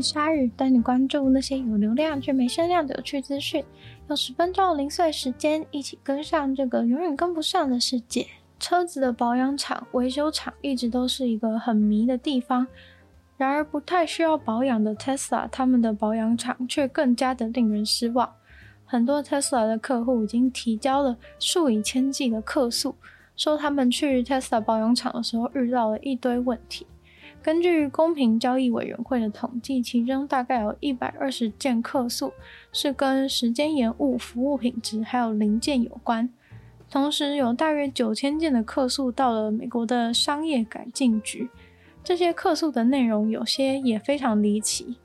鯊魚帶你關注那些有流量卻沒聲量的有趣資訊，用十分鐘零碎時間一起跟上這個永遠跟不上的世界。車子的保養廠、維修廠一直都是一個很迷的地方，然而不太需要保養的 Tesla，他們的保養廠卻更加的令人失望。很多 Tesla 的客戶已經提交了數以千計的客訴，說他們去 Tesla 保養廠的時候遇到了一堆問題。根據公平交易委員會的統計，其中大概有一百二十件客訴是跟時間延誤、服務品質還有零件有關。同時，有大約九千件的客訴到了美國的商業改進局。這些客訴的內容有些也非常離奇，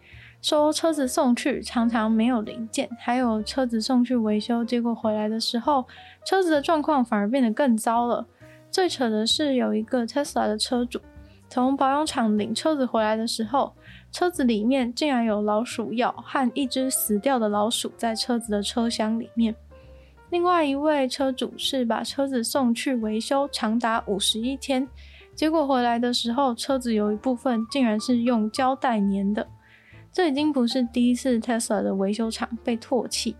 說車子送去常常沒有零件，還有車子送去維修，結果回來的時候車子的狀況反而變得更糟了。最扯的是，有一個特斯拉的車主，從保養廠領車子回來的時候，車子裡面竟然有老鼠藥和一隻死掉的老鼠在車子的車廂裡面。另外一位車主是把車子送去維修長達五十一天，結果回來的時候，車子有一部分竟然是用膠帶粘的。這已經不是第一次 Tesla 的維修廠被唾棄。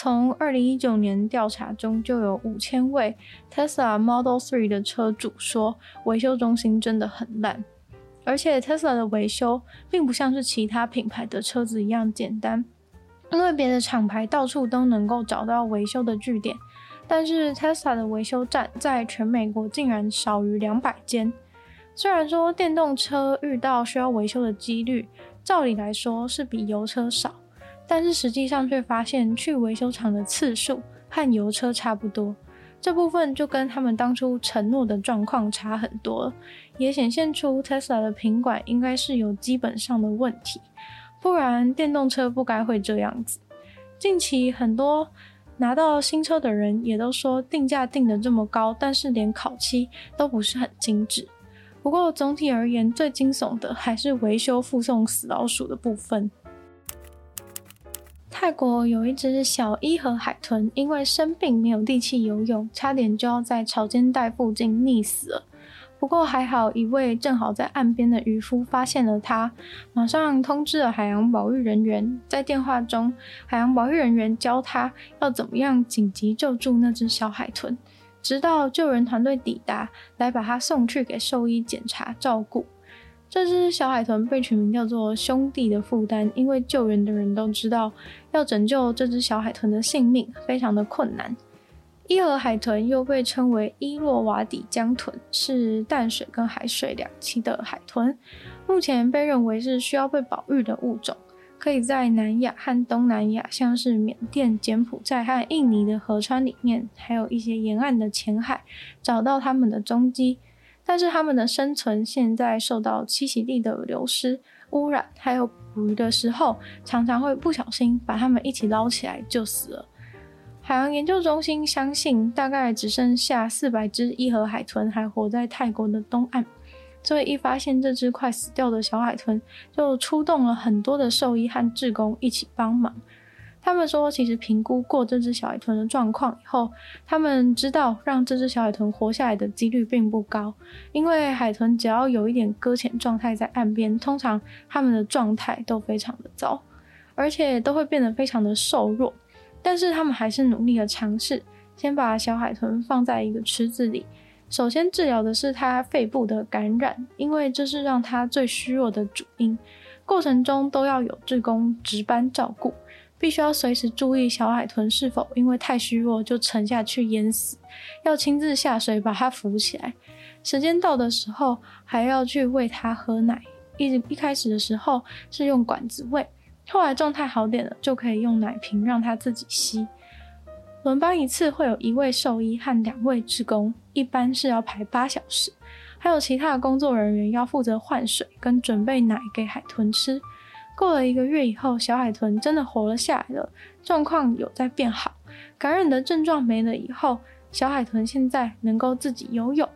從二零一九年調查中就有五千位 Tesla Model 3的車主說，維修中心真的很爛，而且 Tesla 的維修並不像是其他品牌的車子一樣簡單，因為別的廠牌到處都能夠找到維修的據點，但是 Tesla 的維修站在全美國竟然少於兩百間。雖然說電動車遇到需要維修的幾率，照理來說是比油車少。但是實際上卻發現去維修廠的次數和油車差不多，這部分就跟他們當初承諾的狀況差很多了，也顯現出 Tesla 的品管應該是有基本上的問題，不然電動車不該會這樣子。近期很多拿到新車的人也都說定價定得這麼高，但是連烤漆都不是很精緻。不過總體而言，最驚悚的還是維修附送死老鼠的部分。泰國有一隻小伊河海豚，因為生病沒有力氣游泳，差點就要在潮間帶附近溺死了。不過還好，一位正好在岸邊的漁夫發現了它，馬上通知了海洋保育人員。在電話中，海洋保育人員教他要怎麼樣緊急救助那隻小海豚，直到救援團隊抵達，來把它送去給獸醫檢查照顧。這只小海豚被取名叫做“兄弟的負擔”，因為救援的人都知道，要拯救這只小海豚的性命非常的困難。伊河海豚又被稱為伊洛瓦底江豚，是淡水跟海水兩棲的海豚，目前被認為是需要被保育的物種。可以在南亞和東南亞，像是緬甸、柬埔寨和印尼的河川裡面，還有一些沿岸的淺海，找到它們的蹤跡。但是它們的生存現在受到棲息地的流失、污染，還有捕魚的時候常常會不小心把它們一起撈起來就死了。海洋研究中心相信，大概只剩下四百隻伊河海豚還活在泰國的東岸，所以一發現這隻快死掉的小海豚，就出動了很多的獸醫和志工一起幫忙。他們說，其實評估過這只小海豚的狀況以後，他們知道讓這只小海豚活下來的幾率並不高，因為海豚只要有一點擱淺狀態在岸邊，通常他們的狀態都非常的糟，而且都會變得非常的瘦弱。但是他們還是努力的嘗試，先把小海豚放在一個池子裡，首先治療的是它肺部的感染，因為這是讓它最虛弱的主因。過程中都要有志工值班照顧。必須要隨時注意小海豚是否因為太虛弱就沉下去淹死，要親自下水把它扶起來。時間到的時候，還要去餵它喝奶。一一開始的時候是用管子餵，後來狀態好點了，就可以用奶瓶讓它自己吸。輪班一次會有一位獸醫和兩位職工，一般是要排八小時。還有其他的工作人員要負責換水跟準備奶給海豚吃。過了一個月以後，小海豚真的活了下來了，狀況有在變好，感染的症狀沒了以後，小海豚現在能夠自己游泳，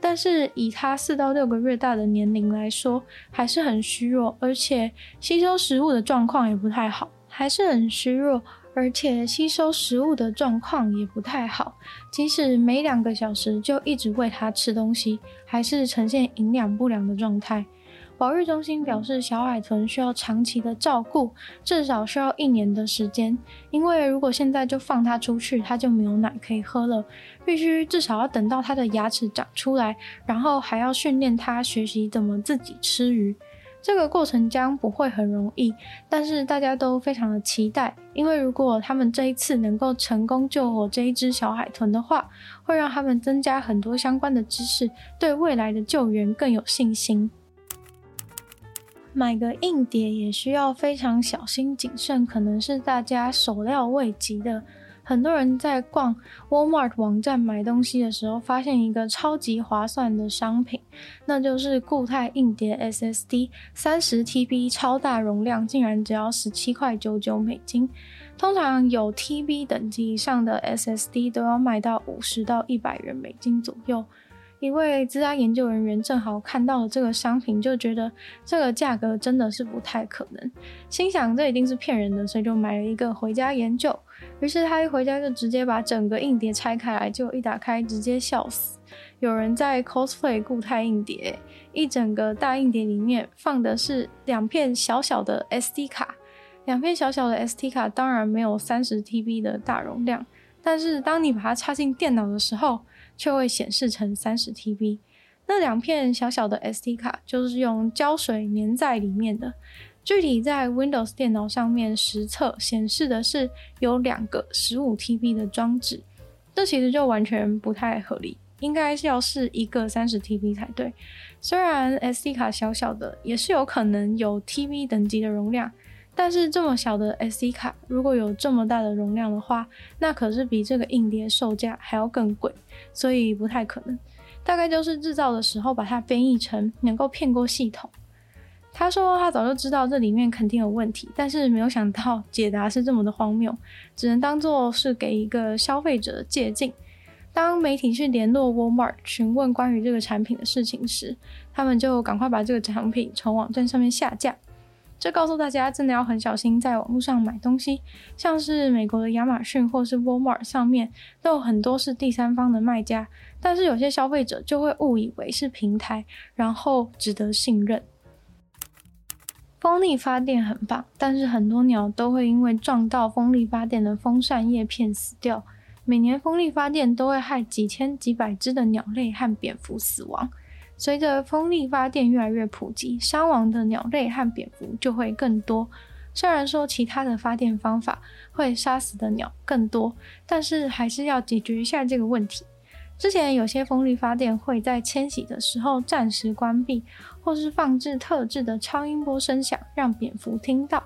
但是以它四到六個月大的年齡來說，還是很虛弱，而且吸收食物的狀況也不太好，還是很虛弱，而且吸收食物的狀況也不太好，即使每兩個小時就一直餵它吃東西，還是呈現營養不良的狀態。保育中心表示，小海豚需要長期的照顧，至少需要一年的時間。因為如果現在就放它出去，它就沒有奶可以喝了，必須至少要等到它的牙齒長出來，然後還要訓練它學習怎麼自己吃魚。這個過程將不會很容易，但是大家都非常的期待，因為如果他們這一次能夠成功救活這一只小海豚的話，會讓他們增加很多相關的知識，對未來的救援更有信心。買個硬碟也需要非常小心謹慎，可能是大家始料未及的。很多人在逛 Walmart 網站買東西的時候，發現一個超級划算的商品，那就是固態硬碟 SSD，三十 TB 超大容量，竟然只要十七塊九九美金。通常有 TB 等級以上的 SSD 都要賣到五十到一百元美金左右。一位資安研究人員正好看到了這個商品，就覺得這個價格真的是不太可能，心想這一定是騙人的，所以就買了一個回家研究。於是他一回家就直接把整個硬碟拆開來，就一打開直接笑死。有人在 cosplay 固態硬碟，一整個大硬碟裡面放的是兩片小小的 SD 卡，兩片小小的 SD 卡當然沒有三十 TB 的大容量，但是當你把它插進電腦的時候，卻會顯示成三十 TB。那兩片小小的 SD 卡就是用膠水粘在裡面的。具體在 Windows 電腦上面實測顯示的是有兩個十五 TB 的裝置，這其實就完全不太合理，應該是要是一個三十 TB 才對。雖然 SD 卡小小的，也是有可能有 TB 等級的容量。但是這麼小的 SD 卡，如果有這麼大的容量的話，那可是比這個硬碟售價還要更貴，所以不太可能。大概就是製造的時候把它編譯成能夠騙過系統。他說他早就知道這裡面肯定有問題，但是沒有想到解答是這麼的荒謬，只能當做是給一個消費者借鏡。當媒體去聯絡 Walmart 詢問關於這個產品的事情時，他們就趕快把這個產品從網站上面下架。這告訴大家，真的要很小心在網絡上買東西，像是美國的亞馬遜或是 Walmart 上面，都有很多是第三方的賣家，但是有些消費者就會誤以為是平台，然後值得信任。風力發電很棒，但是很多鳥都會因為撞到風力發電的風扇葉片死掉，每年風力發電都會害幾千幾百隻的鳥類和蝙蝠死亡。隨着風力發電越來越普及，傷亡的鳥類和蝙蝠就會更多。雖然說其他的發電方法會殺死的鳥更多，但是還是要解決一下這個問題。之前有些風力發電會在遷徙的時候暫時關閉，或是放置特製的超音波聲響讓蝙蝠聽到。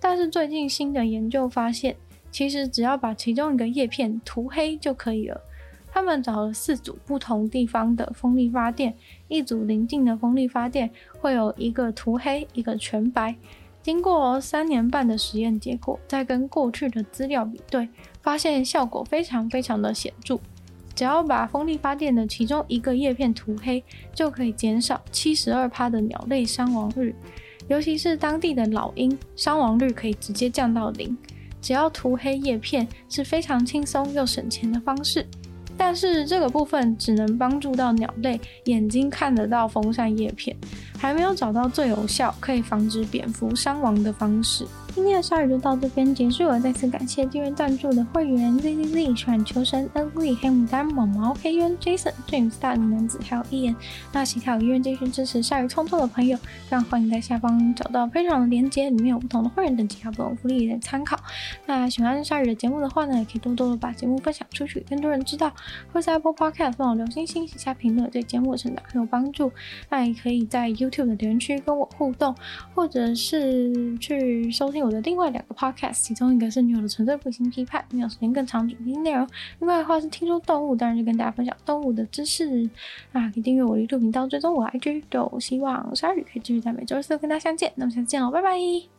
但是最近新的研究發現，其實只要把其中一個葉片塗黑就可以了。他們找了四組不同地方的風力發電，一組臨近的風力發電會有一個塗黑，一個全白。經過三年半的實驗結果，再跟過去的資料比對，發現效果非常非常的顯著。只要把風力發電的其中一個葉片塗黑，就可以減少七十二趴的鳥類傷亡率，尤其是當地的老鷹，傷亡率可以直接降到零。只要塗黑葉片是非常輕鬆又省錢的方式。但是這個部分只能幫助到鳥類眼睛看得到風扇葉片，還沒有找到最有效可以防止蝙蝠傷亡的方式。今天的鯊魚就到這邊結束了，再次感謝訂閱贊助的會員 zzz、鏟球神、NV 黑牡丹、毛毛、黑淵、Jason、Dream Star 的男子，還有伊人。那其他有意願繼續支持鯊魚創作的朋友，更歡迎在下方找到分享的鏈接，裡面有不同的會員等級，有不同福利的參考。那喜歡鯊魚的節目的話呢，也可以多多的把節目分享出去，更多人知道。會在 Apple Podcast 幫我留星星、寫下評論，對節目的成長很有幫助。那也可以在 YouTube 的留言區跟我互動，或者是去收聽。我的另外兩個 podcast，其中一個是《女友的純粹不理性批判》，女友時間更長，主題內容；另外的話是《聽說動物》，當然就跟大家分享動物的知識。啊，可以訂閱我的 YouTube 頻道。追蹤我 IG，對，我希望鯊魚可以繼續在每周四跟大家相見。那麼，下次見嘍，拜拜。